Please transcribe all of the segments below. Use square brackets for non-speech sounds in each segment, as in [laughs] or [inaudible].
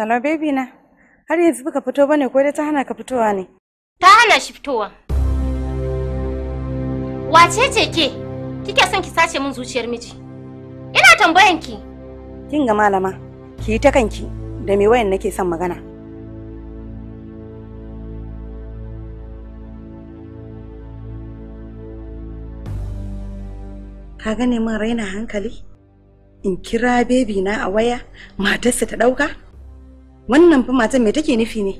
Hello baby na. Har yanzu baka fito bane ko dai ta hana ka fitowa ne? Ta hana shi fitowa. Wace ce ke? Kike son ki sace min zuciyar miji? Ina tambayan ki. Kin ga malama, ki yi ta kanki da me wayan nake son magana. Ka gane min raina hankali? In kira bebi na a waya matarsa ta ɗauka? wannan fi matan me take nufi ne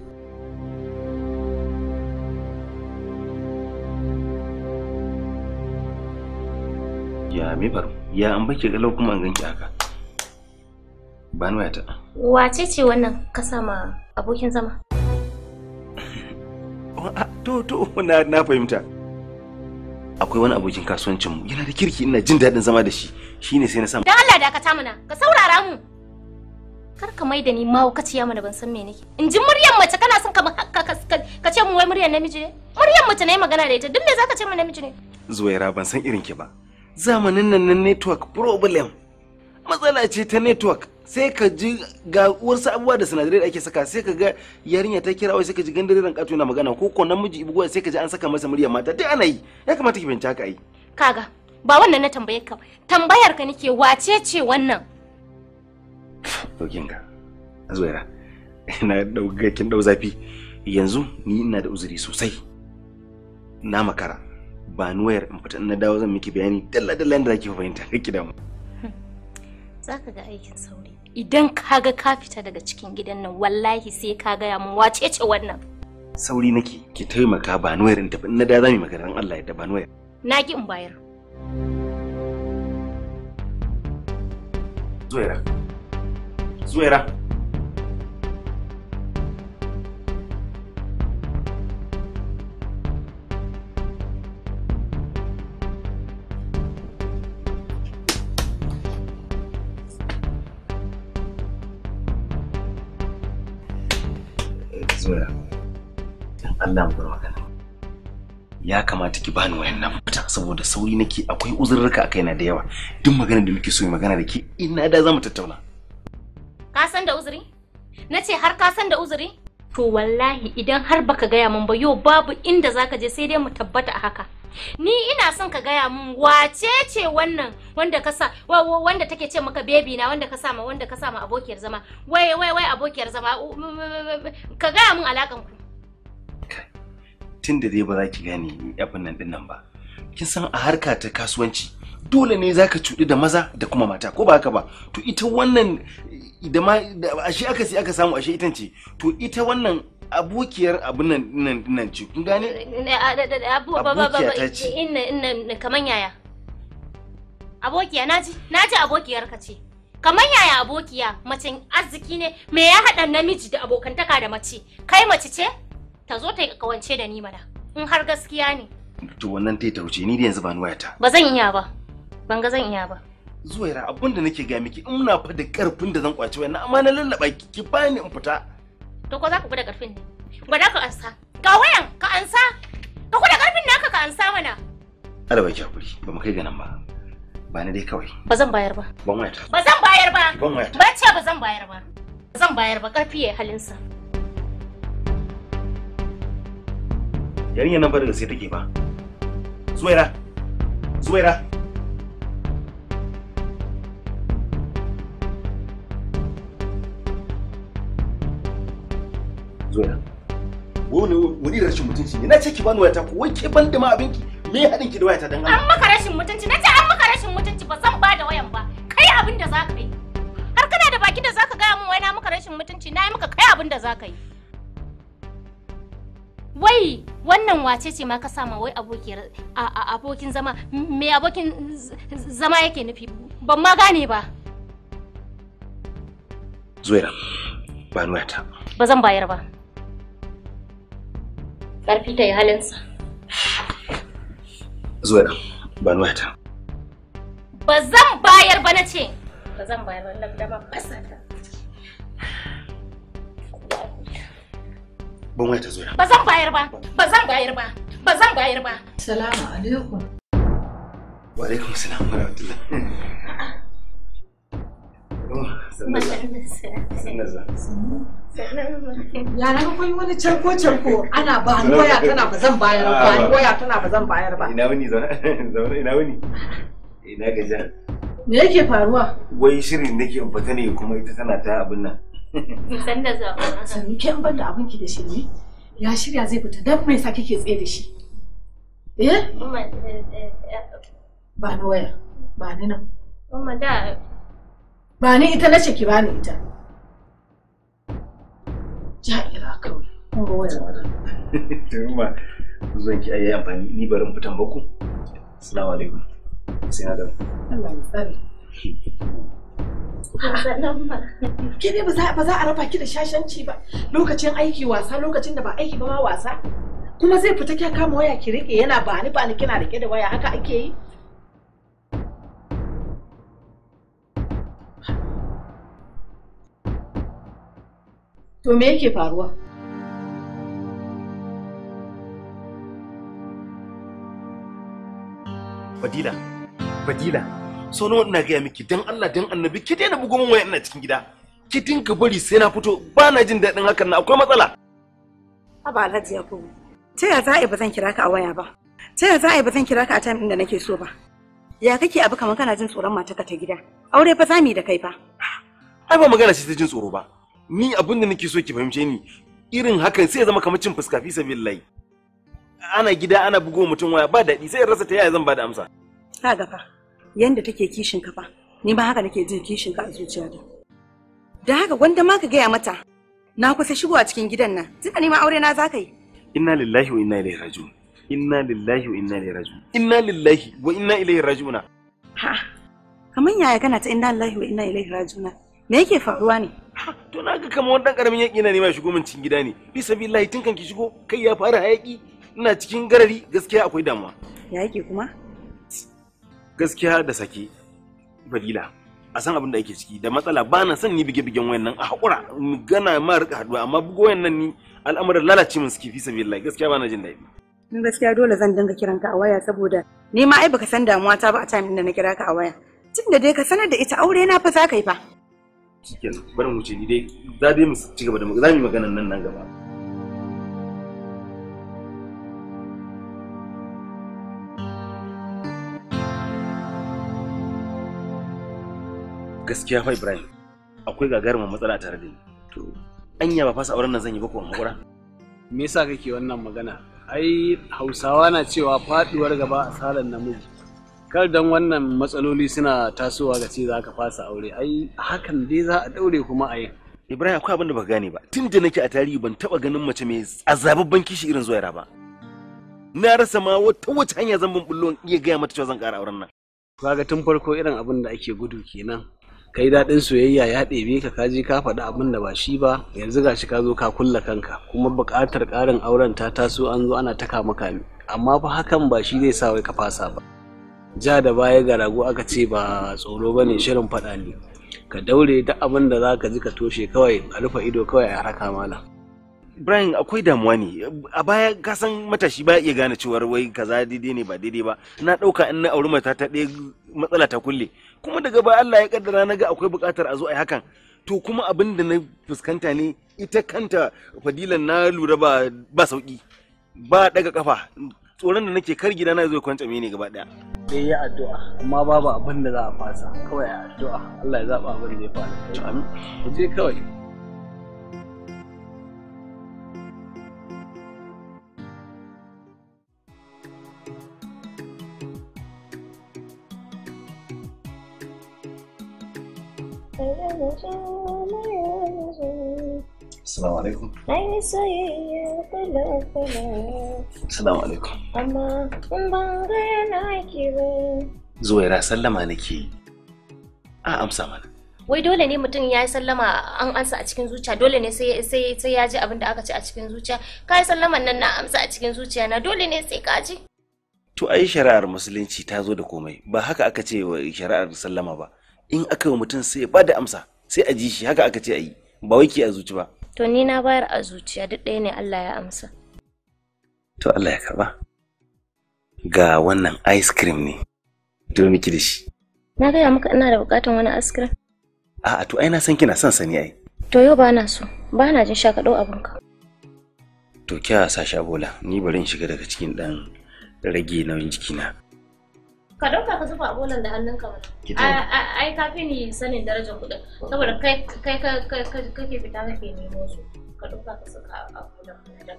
ya me faru ya an baki galau kuma an ganki haka ba ni ta wace ce wannan ka sama abokin zama [laughs] ah, to to na na fahimta akwai wani abokin kasuwancin mu yana da kirki ina jin daɗin zama da shi shine sai na samu dan Allah dakata mana ka saurara mu kar ka mai da ni ciya mana ban san me nake in ji muryar mace kana son ka ka ce mu wai muryar namiji ne muryar mace ne magana da ita duk me zaka ce mu namiji ne zuwaira ban san irin ki ba zamanin nan na network problem matsala ce ta network sai ka ji ga wasu abubuwa da sinadarai da ake saka sai ka ga yarinya ta kira wai sai ka ji gandaren kato yana magana ko ko namiji ibuwa sai ka ji an saka masa muryar mata dai ana yi ya kamata ki bincika ka yi kaga ba wannan na tambayar ka tambayar ka nake wace ce wannan to kinga zuwa na [laughs] dauka kin dau zafi yanzu ni ina da uzuri sosai na makara ba ni wayar in fita na dawo zan miki bayani dalla dalla da zaki fahimta [laughs] kake damu zaka ga aikin sauri idan ka ga ka fita daga cikin gidan nan wallahi sai ka gaya mun wace ce wannan sauri nake ki taimaka ba ni wayar in tafi na da zamu magana ran Allah ya da ba ni wayar na ki in bayar zuwaira zuwaira Allah mu Ya kamata ki bani wayannan fita saboda sauri nake akwai uzurruka a na da yawa. Duk magana da muke so magana da ke, ina da zamu tattauna. Ka san da uzuri? Na ce har ka san da uzuri? To wallahi idan har baka gaya min ba yau babu inda zaka je sai dai mu tabbata a haka. Ni ina son ka gaya min wace ce wannan wanda ka sa wanda take ce maka baby na wanda ka sa ma wanda ka sa ma abokiyar zama. Wai wai wai abokiyar zama ka gaya min alakan ku. Tunda dai ba za ki gane abin nan din nan ba. kin san a harka ta kasuwanci dole ne zaka cuɗi da maza da kuma mata ko ba haka ba to ita wannan da ma ashe aka sai aka samu ashe itan ce to ita wannan abokiyar abun nan nan ce kun gane abokiya ta ce inna inna kaman yaya abokiya naji naji abokiyar ka ce kamar yaya abokiya macen arziki ne me ya haɗa namiji da abokantaka da mace kai mace ce ta zo ta yi kawance da ni mana in har gaskiya ne To wannan tai ta wuce ni da yanzu ba ni wayata. Ba zan iya ba. Ban ga zan iya ba. Zuwaira abin da nake ga miki in muna fa da karfin da zan kwaci wannan amma na lallaba ki ki bani in fita. To ko za ka da karfin ne? Gwada ka ansa. Ga wayan ka ansa. Ka kuda karfin naka ka ansa mana. Ala bai hakuri ba mu kai ga nan ba. Ba ni dai kawai. Ba zan bayar ba. Ban wayata. Ba zan bayar ba. Ban wayata. Ba ce ba zan bayar ba. Zan bayar ba karfi ya halinsa. Yarinya nan ba daga sai take ba. Zuera. zuwaira zuwaira wani wani rashin mutunci ne na ce ki bani wayata ko wai ke ban ma abinki me haɗin ki da wayata dan Allah an maka rashin mutunci na ce an maka rashin mutunci ba zan bada wayan ba kai abin da zaka yi har kana da baki da zaka gaya min wai na maka rashin mutunci na yi maka kai abin da zaka yi wai wannan wace ce ma ka sama wai abokin zama me abokin zama yake nufi ban ma gane ba zuwa ba wayata ba zan bayar ba ƙarfi ta yi halinsa zuwa ba wayata ba zan bayar ba na ce ba zan bayar ba na fasa ta ban waya ta zo ba zan bayar ba ba zan bayar ba ba zan bayar ba salamu alaikum wa alaikum salam wa rahmatullah ya na kun wani canko canko ana ba ni waya tana ba zan bayar ba ni ah. waya tana ba zan bayar ba ina wani zauna [laughs] zauna ina wani ina gajiya. me yake faruwa wai shirin nake in fita ne kuma ita tana ta abin nan San da zuwa. Sannu kin ban da abinki da shi ne? Ya shirya zai fita dan mai yasa kike tsaye da shi? Eh? Eh, eh, eh? Ba ni waya. Ba ni nan. Ba ni ita nace ki bani ita. Ja'ira kawai. Kun ga waya wala. [laughs] Umma zan ki ayi amfani ni barin fitan baku. Assalamu alaikum. Sai na da. Allah ya tsare. [laughs] Ke ne ba za a raba ki da shashanci ba lokacin aiki wasa lokacin da ba aiki ba ma wasa. Kuma zai fita kya kama waya ki rike yana ba ni ba ni kina rike da waya haka ake yi. To me yake faruwa? Fadila, Fadila, sono wannan na gaya miki dan Allah dan annabi ki daina bugun waya ina cikin gida ki dinka bari sai na fito ba na jin daɗin hakan na akwai matsala Aba Alhaji Yakubu ta ya za ba zan kira ka a waya ba ta ya za ba zan kira ka a time din da nake so ba ya kake abu kamar kana jin tsoron matarka ta gida aure fa zamu da kai fa ai ba magana ce ta jin tsoro ba ni abin da nake so ki fahimce ni irin hakan sai ya zama kamar cin fuska fi ana gida ana bugo mutum waya ba daɗi sai in rasa ta yaya zan ba da amsa ka ga fa yanda take kishin ka fa ni ma haka nake jin kishin ka a zuciya da haka gwanda ma ka gaya mata na kusa shigo a cikin gidan nan tunda ni ma aure na za ka yi inna lillahi wa inna ilaihi raji'un inna lillahi wa inna ilaihi raji'un inna lillahi wa inna ilaihi raji'un ha kaman yaya kana ta inna lillahi wa inna ilaihi raji'un me yake faruwa ne to na ga kamar wani dan karamin yaki na nema shigo min cikin gida ne bi sabillahi tun kan ki shigo kai ya fara hayaki ina cikin garari gaskiya akwai damuwa ya yake kuma gaskiya da Sake, fadila a san abin da ake ciki da matsala ba na son ni bige bigen nan a hakura gana ma rika haduwa amma bugo nan ni al'amuran lalace min suke fi sabilillahi gaskiya ba na jin daɗi ni gaskiya dole zan dinga kiran ka a waya saboda ni ma ai baka san damuwa ta ba a time da na kira ka a waya tunda dai ka sanar da ita aure na fa za ka yi fa shikenan bari mu ce ni dai za dai mu ci gaba da za mu yi maganan nan nan gaba gaskiya fa Ibrahim akwai gagarumin matsala tare da ni to anya ba fasa auren nan zan yi ba ko hakura me yasa kake wannan magana ai Hausawa na cewa faduwar gaba asalan namiji kar dan wannan matsaloli suna tasowa ga ce za fasa aure ai hakan dai za a daure kuma a yi Ibrahim akwai abin da ba gane ba tun da nake a tarihi ban taba ganin mace mai azababban kishi irin zuwaira ba na rasa ma wata wace hanya zan bin bullon iya gaya mata cewa zan ƙara auren nan kaga tun farko irin abin da ake gudu kenan kai daɗin soyayya ya ɗebe ka kaji ka faɗi abin da ba shi ba yanzu gashi ka zo ka kulla kanka kuma buƙatar ƙarin auren ta taso an zo ana taka kama kame amma fa hakan ba shi zai sa wai ka fasa ba ja da baya ga rago aka ce ba tsoro ba ne shirin faɗa ne ka daure duk abin da za ka ji ka toshe kawai a rufe ido kawai a haraka mala Brian akwai damuwa ne a baya ka san matashi ba iya gane cewar wai kaza daidai ne ba daidai ba na ɗauka in na auri mata ta ɗaya matsala ta kulle kuma daga ba Allah ya kaddara na ga akwai buƙatar a zo a yi hakan to kuma abin da na fuskanta ne ita kanta fadilan na lura ba ba sauki ba daga kafa tsoron da nake kar gidana zai kwanta mene gaba daya sai ya addu'a amma babu abin da za a fasa kawai addu'a Allah ya zaba abin da ya to amin je kawai السلام عليكم السلام عليكم amma in ba ga yana ki ba sallama nake yi a amsa mana wai dole ne mutum ya yi sallama an ansa a cikin zuciya dole ne sai ya ji abin da aka ci a cikin zuciya ka yi sallaman nan na amsa a cikin zuciya na dole ne sai ka ji to ai shari'ar musulunci ta zo da komai ba haka aka ce wa shari'ar sallama ba in aka yi mutum sai ba da amsa sai a ji shi haka aka ce a yi ba wai ke a zuci ba to ni na bayar a zuciya duk ɗaya ne Allah ya amsa to Allah ya karba ga wannan ice cream ne to miki da shi na gaya maka ina da bukatan wani ice cream a'a to ai na san kina son sani ai to yau ba na so ba na jin sha ka to kya sa sha bola ni bari in shiga daga cikin dan rage nauyin jikina ka dauka ka zuba bolan da hannunka ba ai ka fi ni sanin darajar kuɗin saboda kai kai kake fita kake nemo su ka dauka ka saka a bolan da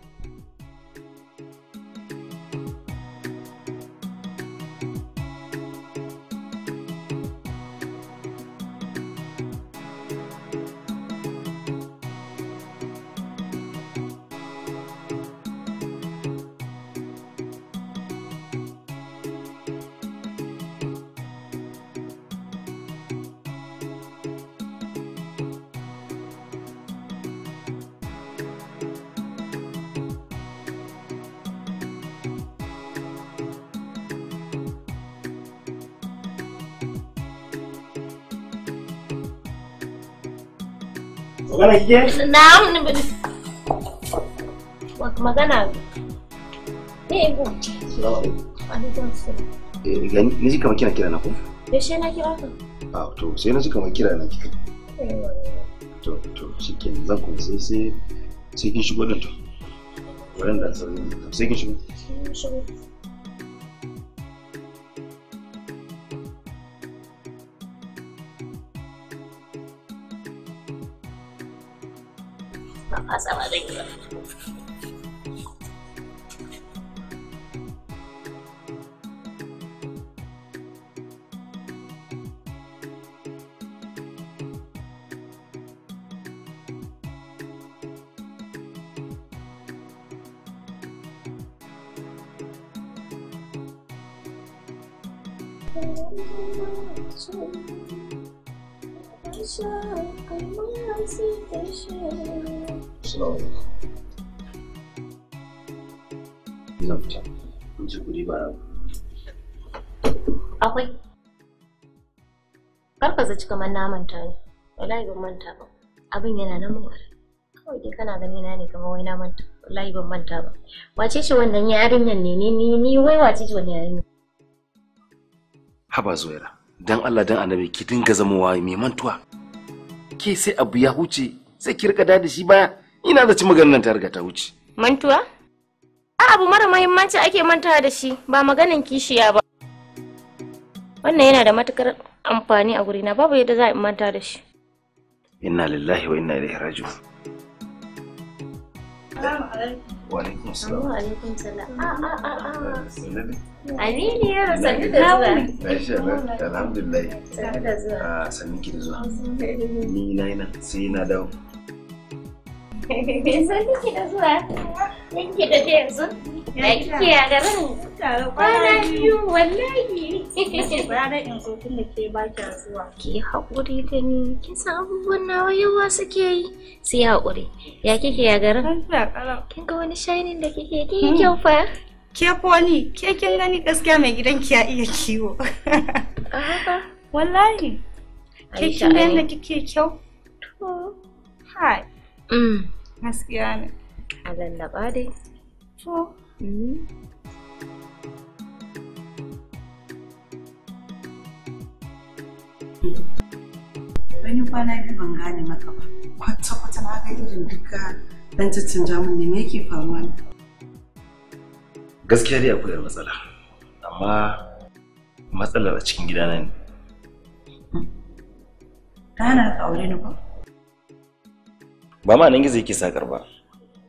magana kike na'am ne magana ne ibu alaikum salam eh ni ji kamar kina kira na ko yaushe na kira ka a to sai na ji kamar kira na kika eh. to to shikenan zan kuma sai sai sai kin shigo din to wurin da sai kin shigo karka zaci kamar na manta ne wallahi ban manta ba abin yana nan mun kawai dai kana gani na ne kamar wai na manta wallahi ban manta ba wace shi wannan yarinyar ne ni ni ni wai wace shi wannan yarinyar haba zuwaira dan Allah dan annabi ki dinga zama waye mai mantuwa ke sai abu ya huce sai ki rika da shi baya ina zaci maganar nan ta riga ta huce mantuwa a abu mara muhimmanci ake mantawa da shi ba maganin kishiya ba wannan yana da matukar amfani a gurina babu yadda za a manta da shi inna lillahi wa inna ilaihi raji'un wa alaikum alhamdulillah ah, ki da zuwa ni na yi nan sai na dawo Yanzu kike da zuwa? Yanke da ta yanzu? Da kike a garin? Kwana biyu wallahi. Rana in zo tun da ke ba ki zuwa. Ki haƙuri da ni, kin san abubuwan nawa yawa suke yi. Sai haƙuri. Ya kike a garin? Kin ga wani shainin da kike yi kyau fa? Ke foni, ke kin gani gaskiya mai gidan ki ya iya kiwo. Eh. Wallahi. Ke kin ga yadda kike kyau? To. Mm. Hai. gaskiya ne a lallaba dai to mm. wani kwana biyu ban gane maka ba kwata-kwata na ga irin duka dan caccanja mun ne yake faruwa ne gaskiya dai akwai matsala amma matsalar a cikin gidana ne Kana hana aure ni ba ba ma nan gizo yake sakar ba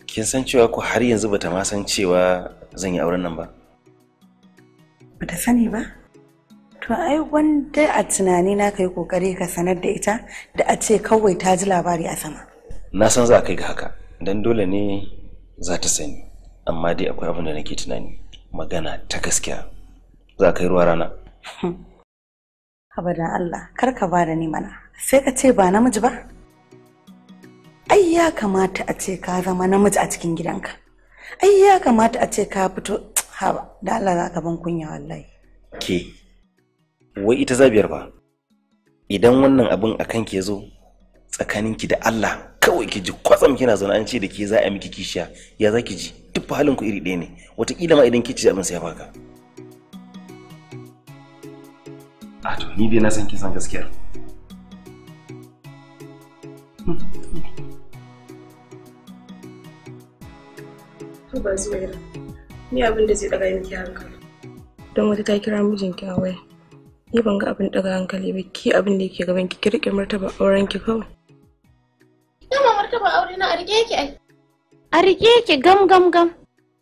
kin san cewa ko har yanzu bata ma san cewa zan yi auren nan ba bata sani ba to ai wanda a tunani na kai kokari ka sanar da ita da a ce kawai ta ji labari a sama na san za kai ga haka dan dole ne za ta sani amma dai akwai abin da nake tunani magana ta gaskiya za a kai ruwa rana abadan Allah kar ka ba da ni mana sai ka ce ba namiji ba ai ya kamata a ce ka zama namiji a cikin gidanka ai ya kamata a ce ka fito ha da Allah za ka ban kunya wallahi ke wai ita zabiyar ba idan wannan abin a kanki ke zo tsakaninki da Allah kawai ki ji kwatsam kina zaune an ce da ke za a miki kishiya ya zaki ji duk halin ku iri ɗaya ne wataƙila ma idan ki ci abin sai baka a to ni dai na san kin san gaskiyar hmm, hmm. ba zuwaira ni abin da zai daga miki hankali don wata ta kira mijinki a waya ni ban ga abin daga hankali ba ki abin da yake gaban ki ki rike martaba auren ki kawai dama martaba aure na a rike yake ai a rike yake gam gam gam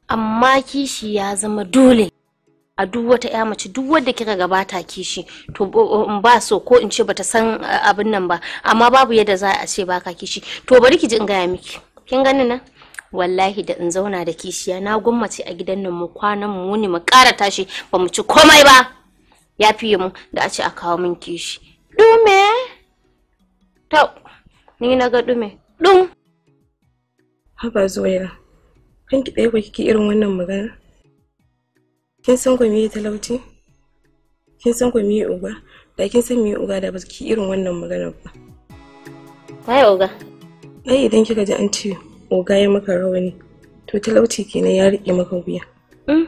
amma kishi ya zama dole a duk wata ya mace duk wadda kika gabata kishi to in ba so ko in ce bata san eh, abin nan ba amma babu yadda za a ce baka kishi to bari ki ji in gaya miki kin gani nan wallahi da in zauna da kishiya na gwammace a gidan nan mu kwanan mu ne mu ƙara tashi ba mu ci komai ba ya fiye mu da a ce a kawo min kishi dume ta ni na ga dume dum haba zoya kan ki ɗaya kike irin wannan magana kin san ku miye talauci kin san ku miye uba da kin san miye uga da ba ki irin wannan magana ba kai uga ai idan kika ji an ciwo oga ya maka rawani to talauci kenan ya rike maka wuya mm.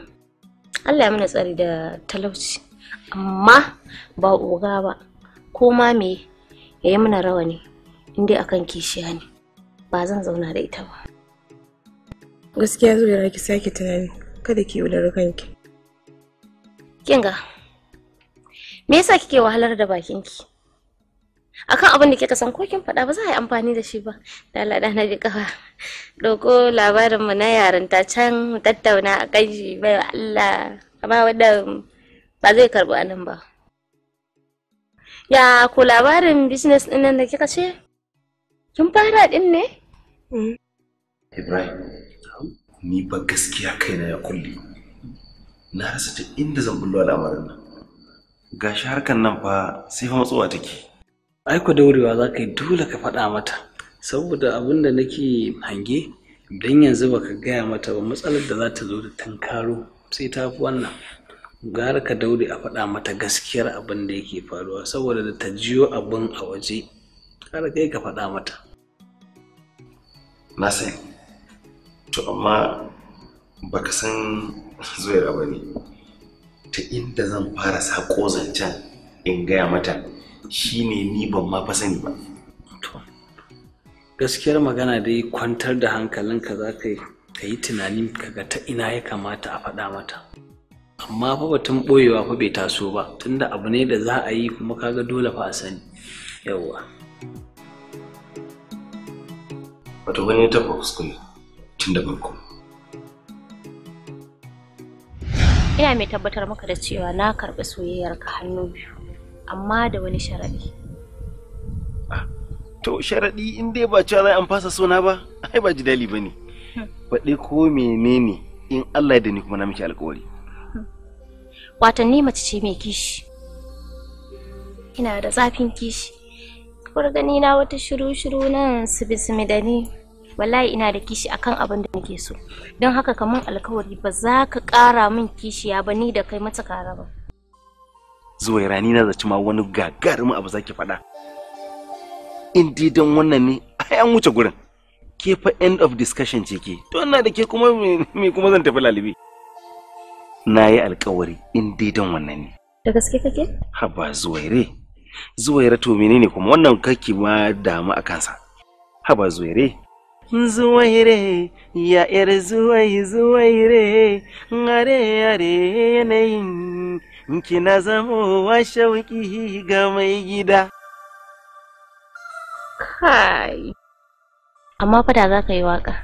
Allah ya mana tsari da talauci amma ba oga ba ko ma me ya yi mana rawani in dai akan kishiya ne ba zan zauna da ita ba gaskiya zuwa ki sake tunani kada ki yaudari kanki kinga me yasa kike wahalar da bakinki akan abin da kika san ko kin faɗa ba za a yi amfani da shi ba da Allah da na kafa doko labarin mu na yarinta can tattauna a kai bai Allah amma wanda ba zai karbi anan ba ya ku labarin business din nan da kika ce kin fara din ne Ibrahim ni ba gaskiya kaina ya kulle na rasa ta inda zan bullo al'amarin nan gashi harkan nan fa sai fa matsuwa take ai ku daurewa za ka yi dole ka faɗa mata saboda abin da nake hange don yanzu baka gaya mata ba matsalar da za ta zo da tankaro sai ta fi wannan gara ka daure a faɗa mata gaskiyar abin da yake faruwa saboda da ta jiyo abin a waje gara kai ka faɗa mata na sai to amma baka san zuwa ba ne ta inda zan fara sako zancen in gaya mata shine ni ban ma fa sani ba gaskiyar magana dai kwantar da hankalinka za ka yi ka yi kaga ta ina ya kamata a faɗa mata amma fa batun ɓoyewa fa bai taso ba tunda abu ne da za a yi kuma kaga dole fa a sani yawwa wato wani ta kuskure tun da farko ina mai tabbatar maka da cewa na karɓi soyayyarka hannu biyu amma da wani sharaɗi. Ah, to sharaɗi in dai ba cewa zai an fasa sona ba, ai ba ji dali ba ne. [laughs] ko menene in Allah da ni kuma na miki alkawari. Watan mace ce mai kishi. Ina da zafin kishi. Kuwar gani na wata shiru-shiru nan su bismi da ni. Wallahi ina da kishi akan abin da nake so. Don haka kamar alkawari ba za ka ƙara min kishiya ba ni da kai mata kara zuwa rani na zaci ma wani gagarumin abu zaki faɗa in dai don wannan ne ai an wuce gurin ke fa end of discussion ce ke to ina da ke kuma me kuma zan tafi lalibi na yi alkawari in dai don wannan ne da gaske kake ba zuwaire zuwaire to menene kuma wannan kake ma damu a kansa ba zuwaire Zuwaire, ya ‘yar zuwai zuwaire, are are yanayin kina zamo wa shauki ga mai gida kai amma fa za ka yi waka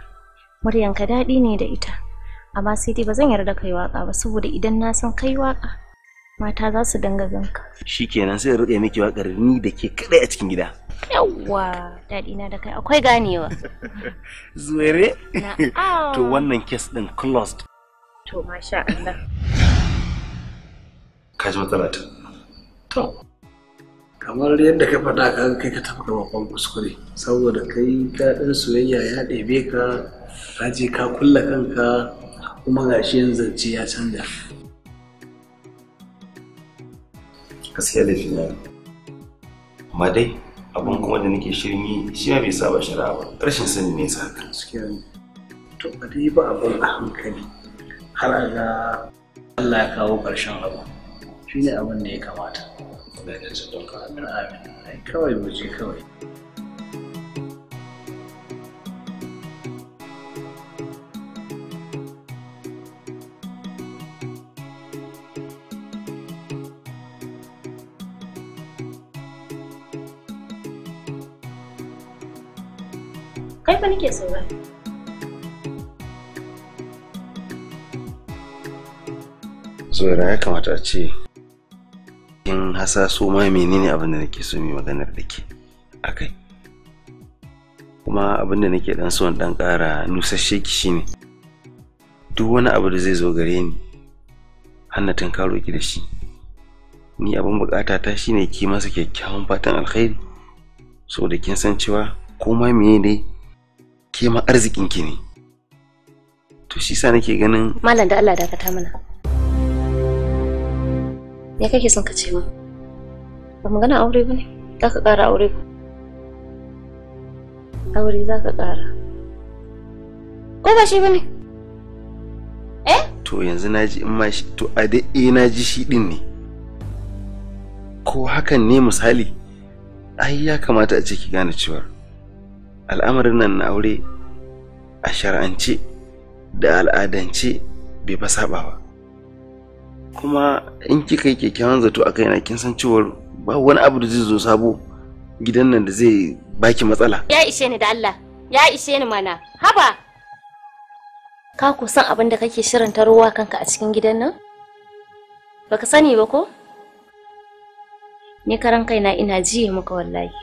muryanka daɗi ne da ita amma sai dai ba zan yarda kai waka ba saboda idan na san kai waka mata za su danga ganka shikenan sai ruɗe miki wakar ni da ke kadai a cikin gida yawwa daɗi na da kai akwai ganewa [laughs] zuwere [laughs] to wannan kes ɗin closed to masha Allah ka ji matsala ta to kamar yadda ka faɗa ka kai ka tafi babban kuskure saboda kai daɗin soyayya ya ɗebe ka ka je ka kulla kanka kuma ga shi yanzu zance ya canja gaskiya laifi na amma dai abin kuma da nake shirin yi shi ya bai saba shari'a ba rashin sani ne sa haka to ba dai ba abin a hankali har a ga Allah ya kawo ƙarshen abu shine ne abin da ya kamata da kawai mu kawai kai fa nake saurari Zuwaira ya kamata a ce in hasaso ma menene abin da nake so mai maganar da ke akai kuma abin da nake dan son dan kara nusashe ki shine duk wani abu da zai zo gare ni hannatin karo ki da shi ni abin bukata ta shine ki masa kyakkyawan fatan alkhairi da kin san cewa koma me ne ke ma arzikin ki ne to shi sa nake ganin malam da Allah dakata mana me kake son ka ce ma ba magana aure ba ne za ka ƙara aure ba aure za ka ƙara ko ba shi ba ne eh to yanzu na ji in ma shi to a da eh na ji shi din ne ko hakan ne misali ai ya kamata a ce ki gane cewa al'amarin nan na aure a shar'ance da al'adance bai fa sabawa kuma in kika yi kyakkyawan zato a kaina kin san cewar ba wani abu da zai zo sabo gidan nan da zai baki matsala ya ishe ni da Allah ya ishe ni mana haba ka ku san abin da kake shirin tarowa kanka a cikin gidan nan baka sani ba ko ni karan kaina ina jiye maka wallahi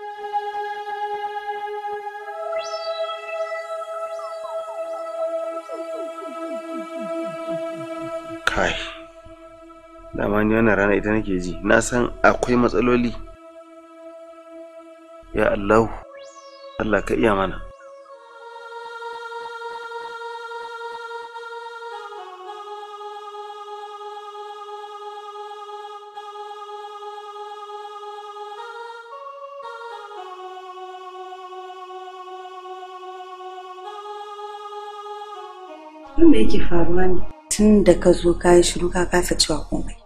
dama ni wannan rana ita nake ji na san akwai matsaloli ya allahu allah ka iya mana me yake faruwa ne tun da ka zo ka yi shiru ka kasa cewa komai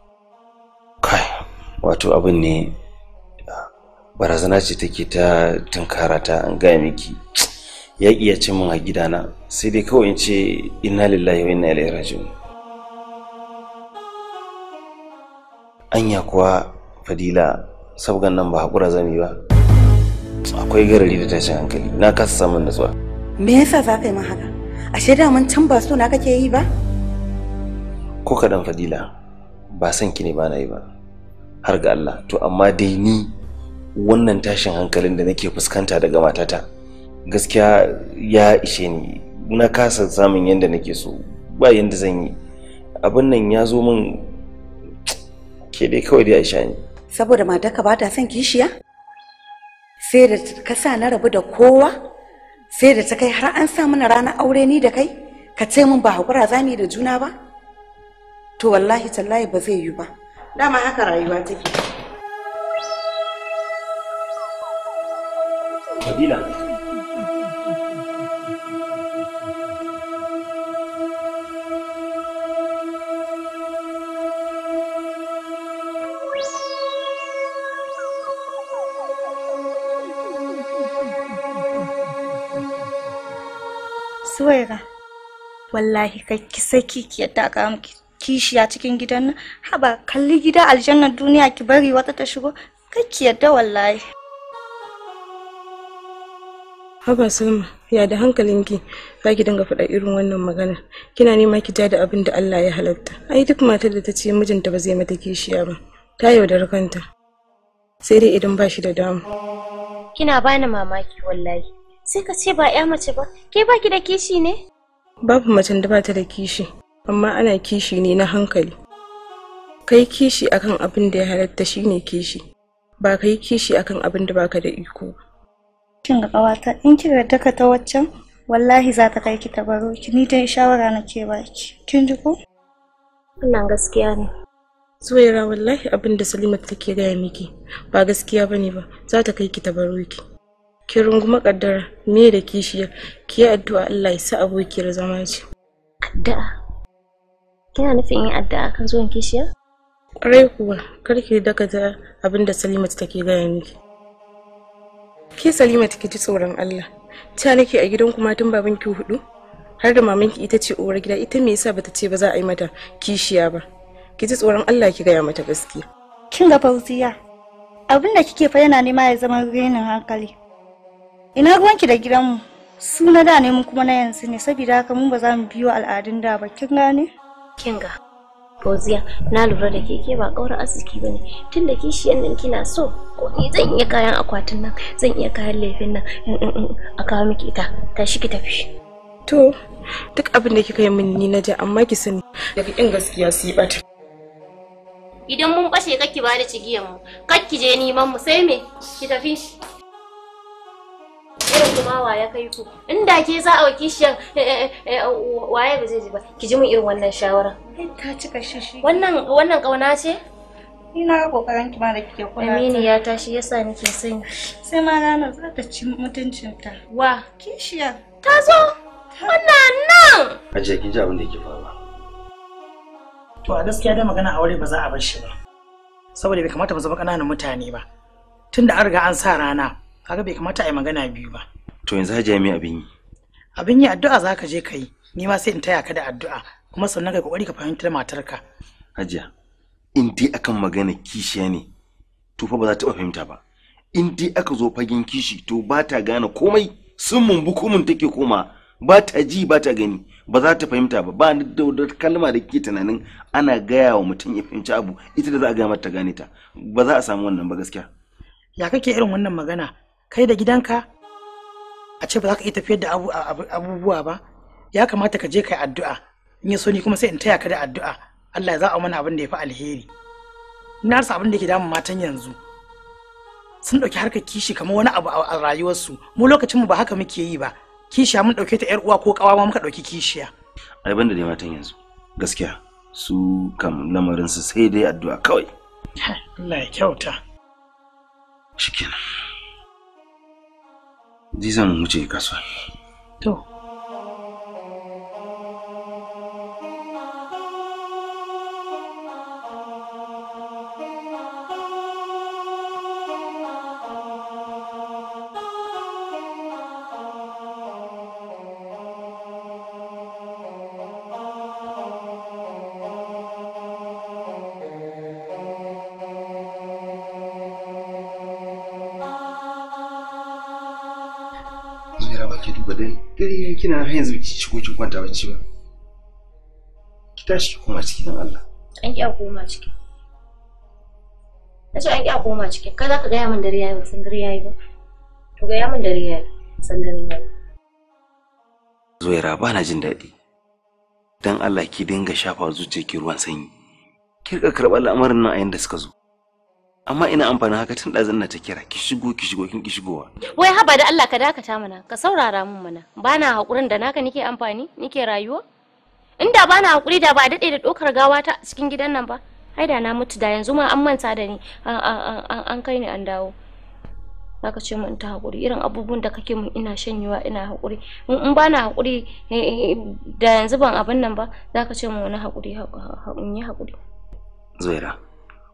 wato abin ne barazana ce take ta tunkara ta an gaya miki ya iya cin min a gidana sai dai kawai in ce inna lillahi wa inna ilaihi raji'un anya kuwa fadila sabgan nan ba hakura zami ba akwai garari da tashin hankali na kasa samun nutsuwa. me yasa za ka yi min haka ashe da mun can ba so na kake yi ba ko kaɗan fadila ba san ki ne ba na yi ba har ga Allah to amma dai ni wannan tashin hankalin da nake fuskanta daga matata gaskiya ya ishe ni na kasa samun yadda nake so ba yadda zan yi abin nan ya zo min ke dai kawai dai aisha ne saboda matarka ba ta son kishiya sai da ka sa na rabu da kowa sai da ta kai har an sa mana ranar aure ni da kai ka ce min ba hakura zani da juna ba to wallahi tallahi ba zai yi ba dama haka rayuwa take fadila Suwaira, wallahi kai ki saki ki yadda aka miki kishiya cikin gidan nan haba kalli gida aljannar duniya ki bari wata ta shigo kake yadda wallahi haba salma ya da hankalinki za ki dinga faɗa irin wannan magana kina nema ki ja da abin da allah ya halatta ai duk matar da ta ce mijinta ba zai mata kishiya ba ta yaudar kanta sai dai idan ba shi da damu kina bani mamaki wallahi sai ka ce ba ya mace ba ke baki da kishi ne babu macen da ba ta da kishi amma ana kishi ne na hankali kai kishi akan abin da ya halatta shine kishi ba kai kishi akan abin da baka da iko shin ga kawata in kika yarda ka ta waccan wallahi za ta kai ki ta baro ki ni dai shawara na ke baki kin ji ko wannan gaskiya ne zuwaira wallahi abin da salima take gaya miki ba gaskiya bane ba za ta kai ki ta baro ki ki runguma kaddara me da kishiya ki yi addu'a Allah ya sa abokiyar zama ce addu'a kina nufin yin addu'a kan zuwan kishiya Kwarai kuwa karki ta abin da salimatu take gaya miki ke salimatu ki ji tsoron allah ta nake a gidan kuma tun baban ki hudu har da maman ki ita ce uwar gida ita me yasa bata ce ba za a yi mata kishiya ba ki ji tsoron allah ki gaya mata gaskiya kin ga fauziya abin kike fa yana nema ya zama renin hankali ina ruwanki da gidan mu. na da ne mun kuma na yanzu ne saboda haka mun ba za mu biyo al'adun da ba kin gane Kinga, Fauziya, na lura da keke ba ƙaurar arziki ba ne, tun da kishiyan nan kina so, ko ni zan iya kayan akwatin nan, zan iya kayan laifin nan, mm, mm, mm, a kawo miki ita, tashi ki tafi. To, duk abin da kika yi min ni na amma ki sani, daga ƙin gaskiya su yi ɓata. Idan mun ɓace kakki ba da cigiyan mu, kakki je neman mu sai me, ki tafi. irin kuma waya ya kai ku inda ke za a waki shi eh, eh, eh, waye ba zai ji ba ki ji mun irin wannan shawara ka cika shishi wannan wannan kauna ce ina kokarin ki ma da kike kula amini ya tashi yasa nake son sai ma ranar za ta ci mutuncinta wa kishiya ta zo wannan nan aje kin ji abin da yake faruwa to a gaskiya da magana aure ba za a bar shi ba saboda bai kamata mu zama ƙananan mutane ba tunda an riga an sa rana kaga bai kamata a yi magana biyu ba to yanzu hajiya mai abin yi abin yi addu'a za ka je ka yi ni ma sai in taya ka da addu'a kuma sannan kai kokari ka fahimtar matarka hajiya in dai akan magana kishiya ne to fa ba za ta fahimta ba in dai aka zo fagen kishi to ba ta gane komai sun mumbu kumun take koma ba ta ji ba ta gani ba za ta fahimta ba ba ni da kalma da ke tunanin ana gaya wa mutum ya fahimci abu ita da za a gaya mata gane ta ba za a samu wannan ba gaskiya ya kake irin wannan magana kai da gidanka a ce ba za ka iya tafiyar da abubuwa ba ya kamata ka je ka yi addu'a in ya so ni kuma sai in taya ka da addu'a Allah ya za a mana abin da ya fi alheri na rasa abin da ke damun matan yanzu sun ɗauki harkar kishi kamar wani abu a rayuwarsu mu lokacin mu ba haka muke yi ba kishiya mun ɗauke ta yar uwa ko kawa ma muka ɗauki kishiya ai banda dai matan yanzu gaskiya su kam lamarin su sai dai addu'a kawai Allah ya kyauta shikenan Ji zan wuce kasuwa. To, ba ki duba dare dare kina har yanzu ki shigo ki kwanta bacci ba ki tashi kuma koma ciki dan Allah an kiya koma ciki nace an kiya a koma ciki ka zaka ga gaya min dare yayi ba san dare yayi ba to gaya min dare yayi san dare yayi Zoyara ba na jin daɗi dan Allah ki dinga shafa zuciyarki ruwan sanyi ki rika karɓar al'amarin nan a yanda suka zo amma ina amfani haka tun da zanna ta kira ki shigo ki shigo kin ki shigowa wai haba da Allah ka dakata mana ka saurara mun mana bana hakurin da naka nike amfani nike rayuwa inda bana hakuri da ba dade da dokar gawa ta cikin gidan nan ba haida na mutu da yanzu ma an manta da ni an kai ni an dawo Naka ce mun ta hakuri irin abubuwan da kake mun ina shanyewa ina hakuri in ba na hakuri eh, eh, da yanzu ban abin nan ba zaka ce mun wani hakuri in yi hakuri zuwaira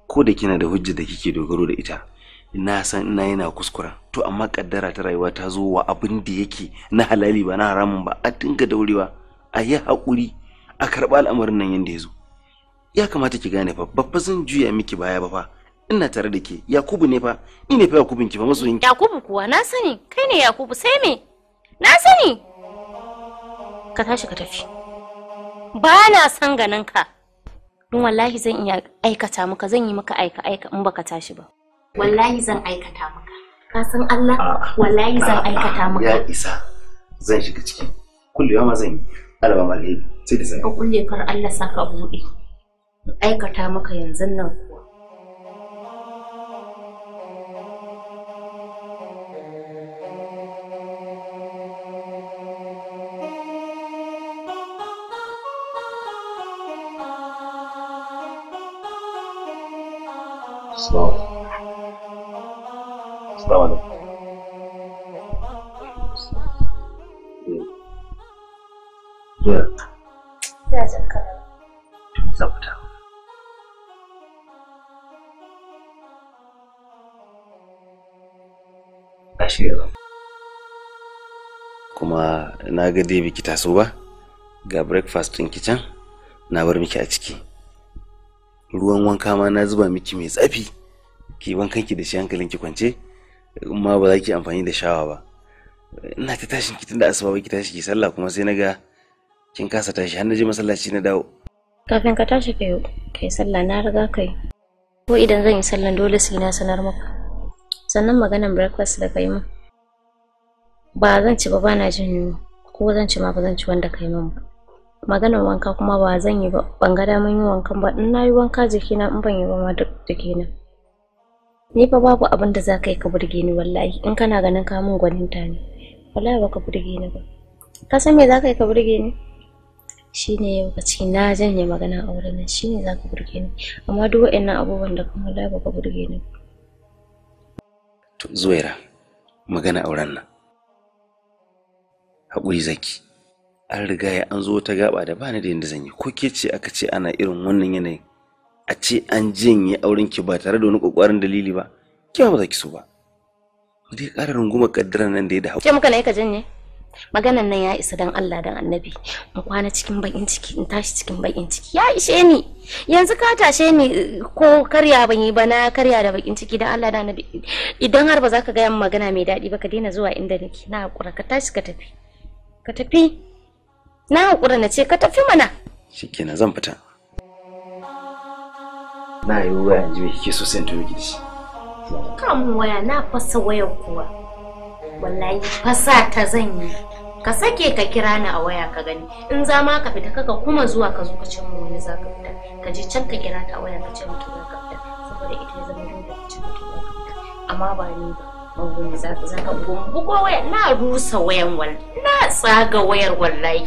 ko da kina da hujja da kike dogaro da ita na san ina yana kuskura to amma kaddara ta rayuwa ta zo wa abin da yake na halali ba na haramun ba a dinga daurewa a yi haƙuri a karɓa al'amarin nan yadda ya zo ya kamata ki gane fa babba zan juya miki baya ba fa ina tare da ke yakubu ne fa ni ne fa yakubin ki fa masu ki yakubu kuwa na sani kai ne yakubu sai me na sani ka tashi ka tafi ba na san ganin ka in wallahi zan iya aikata maka zan yi maka aika aika in baka tashi ba wallahi zan aikata maka ka san Allah wallahi zan aikata maka ya isa zan shiga ciki kullewa ma zan yi alaba malheri sai da sai ka kulle kar Allah saka buɗe aikata maka yanzu nan kuma na ga dai biki taso ba ga breakfast ɗin can na bar miki a ciki ruwan wanka ma na zuba miki mai tsafi ki wankan ki da shi hankalin ki kwance ma ba za ki amfani da shawa ba ina ta tashin ki tunda asuba ba ki tashi ki sallah kuma sai naga kin kasa tashi har na je masallaci na dawo kafin ka tashi kai kai sallah na riga kai ko idan zan yi sallan dole sai na sanar maka sannan maganan breakfast da kai min ba zan ci ba bana jin yunwa ko zan ci ma ba zan ci wanda kai min ba maganar wanka kuma ba zan yi ba ban ga daman yi wankan ba in na yi wanka jikina in ban yi ba ma duk jikina ni fa babu abin da za ka yi ka burge ni wallahi in kana ganin ka mun gwaninta ne wallahi ba ka burge ni ba ka san me za ka yi ka burge ni shine yau ka ce na janye magana auren nan shine za ka burge ni amma duk wa'annan abubuwan da kuma wallahi ba ka burge ni ba to zuwaira magana auren nan haƙuri zaki an riga ya an zo ta gaba da bani da yadda zan yi ko ke ce aka ce ana irin wannan yanayin a ce an janye auren ki ba tare da wani kokarin dalili ba ki ba za ki so ba ku dai ƙara runguma kaddara nan da ya da haƙuri ke muka ne ka janye maganan nan ya isa dan Allah dan annabi mu kwana cikin bakin ciki in tashi cikin bakin ciki ya ishe ni yanzu ka tashe ni ko karya ban yi ba na karya da bakin ciki dan Allah dan annabi idan har ba za ka gaya min magana mai daɗi ba ka daina zuwa inda nake na haƙura ka tashi ka tafi ka tafi na haƙura na ce ka tafi mana shikenan zan fita na yi waya yanzu me kike so sai in taimake shi kan waya na fasa wayar kuwa wallahi fasa ta zan yi ka sake ka kira ni a waya ka gani in za ma ka fita kaka kuma zuwa ka zo ka ce mu wani za ka fita ka je can ka kira ta a waya ka ce mutu za ka fita saboda ita zama dole ka ce mutu za ka fita amma ba ni ba mawuni za ka bugo mu bugo waya na rusa wayan wallahi na tsaga wayar wallahi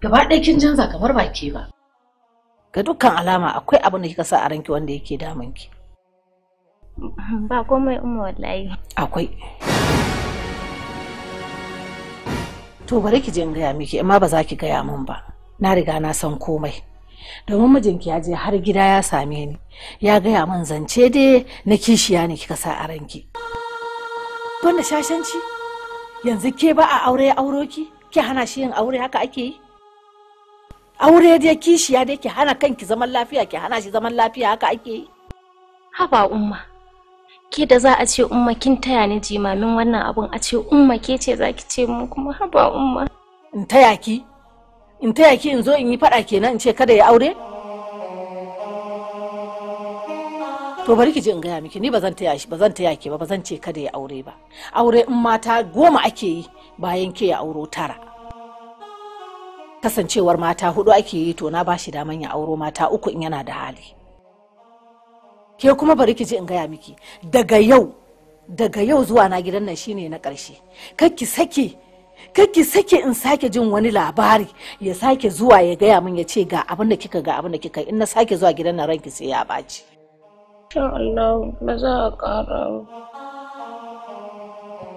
gaba ɗaya kin canza kamar baki ba ga dukkan alama akwai abin da kika sa a ranki wanda yake damun ki ba komai umma wallahi akwai to bari ki je in gaya miki amma ba za ki gaya min ba na riga na san komai domin mijinki ya je har gida ya same ni ya gaya min zance dai na kishiya ne kika sa a ranki banda shashanci yanzu ke ba a aure ya auro ki ki hana shi yin aure haka ake yi aure dai kishiya dai ki hana kanki zaman lafiya ki hana shi zaman lafiya haka ake yi haba umma ke da za a ce umma kin taya ni jimamin wannan abun a ce umma ke ce za ki ce mu kuma haba umma in taya ki in taya ki in zo in yi fada kenan in ce kada ya aure to bari ki je in gaya miki ni ba zan taya shi ba zan taya ki ba ba zan ce kada ya aure ba aure in mata goma ake yi bayan ke ya auro tara kasancewar mata hudu ake yi to na bashi daman ya auro mata uku in yana da hali ke kuma bari ki ji in gaya miki daga yau daga yau zuwa na gidan nan shine na karshe kakki sake kakki sake in sake jin wani labari ya sake zuwa ya gaya min ya ce ga abin da kika ga abin da kika in na sake zuwa gidan nan ranki sai ya baci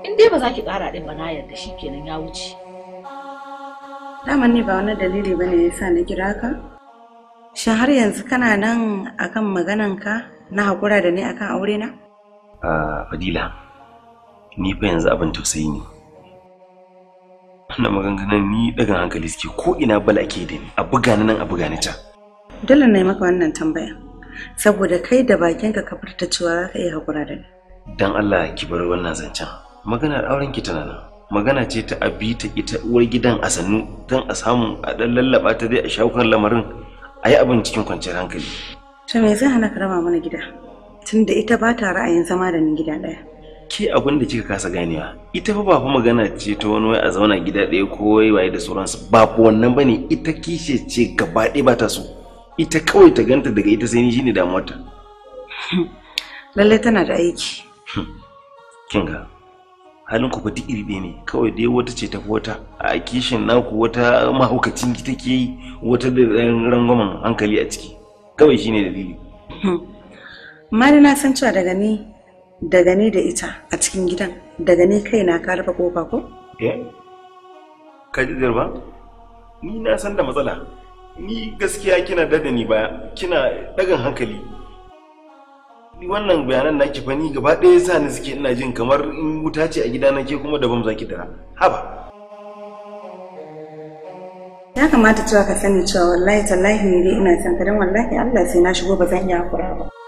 in dai ba za ki kara din ba na yarda shikenan ya wuce Daman ni ba wani dalili bane ya sa na kira ka? Shin har yanzu kana nan akan magananka na haƙura da ni akan aure na? A Fadila, ni fa yanzu abin tausayi ne. Wannan maganganun ni daga hankali suke ko ina bala ake da ni a buga ni nan a buga ni can. Dole na yi maka wannan tambaya. Saboda kai da bakinka ka furta cewa za ka iya haƙura da ni. Dan Allah ki bar wannan zancen. Maganar auren ki tana nan. magana ce ta ta ita uwar gidan a sannu don a samu a ɗan lallaba ta dai a shawukan lamarin a yi abin cikin kwanciyar hankali. To me zai hana karama mana gida? Tunda ita ba ta ra'ayin zama da ni gida ɗaya. Ke abin da kika kasa ganewa, ita fa ba fa magana ce ta wani wai a zauna gida ɗaya ko wai waye da sauransu ba ko wannan bane ita kishe ce gaba ɗaya ba ta so. Ita kawai ta ganta daga ita sai ni shine damuwarta. Lallai tana da aiki. Kinga. halin ku duk irbe ne kawai dai wata ce tafi wata a kishin naku wata mahaukacin ki take yi wata da rangwamen hankali a ciki kawai shine dalili hmm. mali na san cewa daga ni daga ni da ita a cikin gidan daga ni kaina ka rufe kofa ko eh ka ji ni na san da matsala ni gaskiya kina dada ni ba kina dagan hankali wannan bayanan na ki fani gaba ɗaya sa ni suke ina jin kamar in wuta ce a gida na ke kuma daban zaki dara haba ya kamata cewa ka sani cewa wallahi tallahi ne dai ina tsanka ka dan wallahi Allah sai na shigo ba zan iya hakura ba